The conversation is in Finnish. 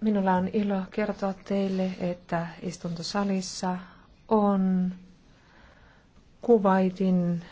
Minulla on ilo kertoa teille, että istuntosalissa on kuvaitin.